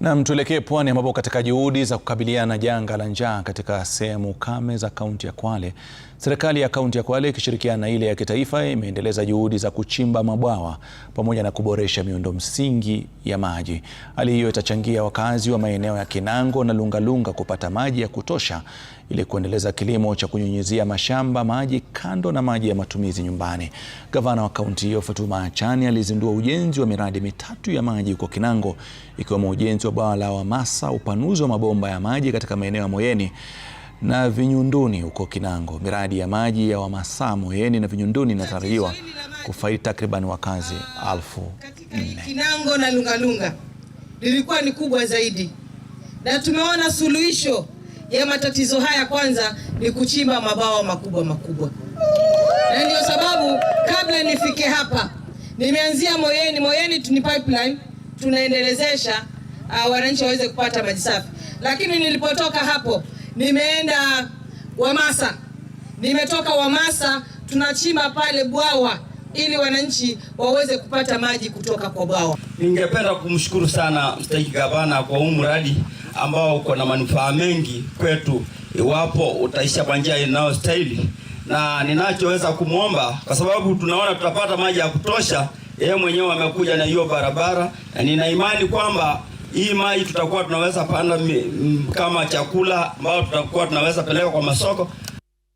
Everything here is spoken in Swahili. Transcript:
Nam, tuelekee pwani ambapo katika juhudi za kukabiliana na janga la njaa katika sehemu kame za kaunti ya Kwale, serikali ya kaunti ya Kwale ikishirikiana na ile ya kitaifa imeendeleza juhudi za kuchimba mabwawa pamoja na kuboresha miundo msingi ya maji. Hali hiyo itachangia wakazi wa maeneo ya Kinango na Lungalunga kupata maji ya kutosha ili kuendeleza kilimo cha kunyunyizia mashamba maji kando na maji ya matumizi nyumbani. Gavana wa kaunti hiyo Fatuma Achani alizindua ujenzi wa miradi mitatu ya maji huko Kinango ikiwemo ujenzi wa bwawa la Wamasa, upanuzi wa mabomba ya maji katika maeneo ya Moyeni na Vinyunduni huko Kinango. Miradi ya maji ya Wamasa, Moyeni na Vinyunduni inatarajiwa kufaidi takriban wakazi elfu nne. Kinango na Lungalunga lilikuwa ni kubwa zaidi, na tumeona suluhisho ya matatizo haya kwanza ni kuchimba mabawa makubwa makubwa, na ndio sababu kabla nifike hapa nimeanzia Moyeni. Moyeni ni pipeline tunaendelezesha uh, wananchi waweze kupata maji safi. Lakini nilipotoka hapo nimeenda Wamasa, nimetoka Wamasa tunachimba pale bwawa ili wananchi waweze kupata maji kutoka kwa bwawa. Ningependa kumshukuru sana mstahiki gavana kwa huu mradi ambao uko na manufaa mengi kwetu, iwapo utaisha kwa njia inayostahili, na ninachoweza kumwomba, kwa sababu tunaona tutapata maji ya kutosha. Yeye mwenyewe amekuja na hiyo barabara, na nina imani kwamba hii mai tutakuwa tunaweza panda kama chakula ambao tutakuwa tunaweza peleka kwa masoko.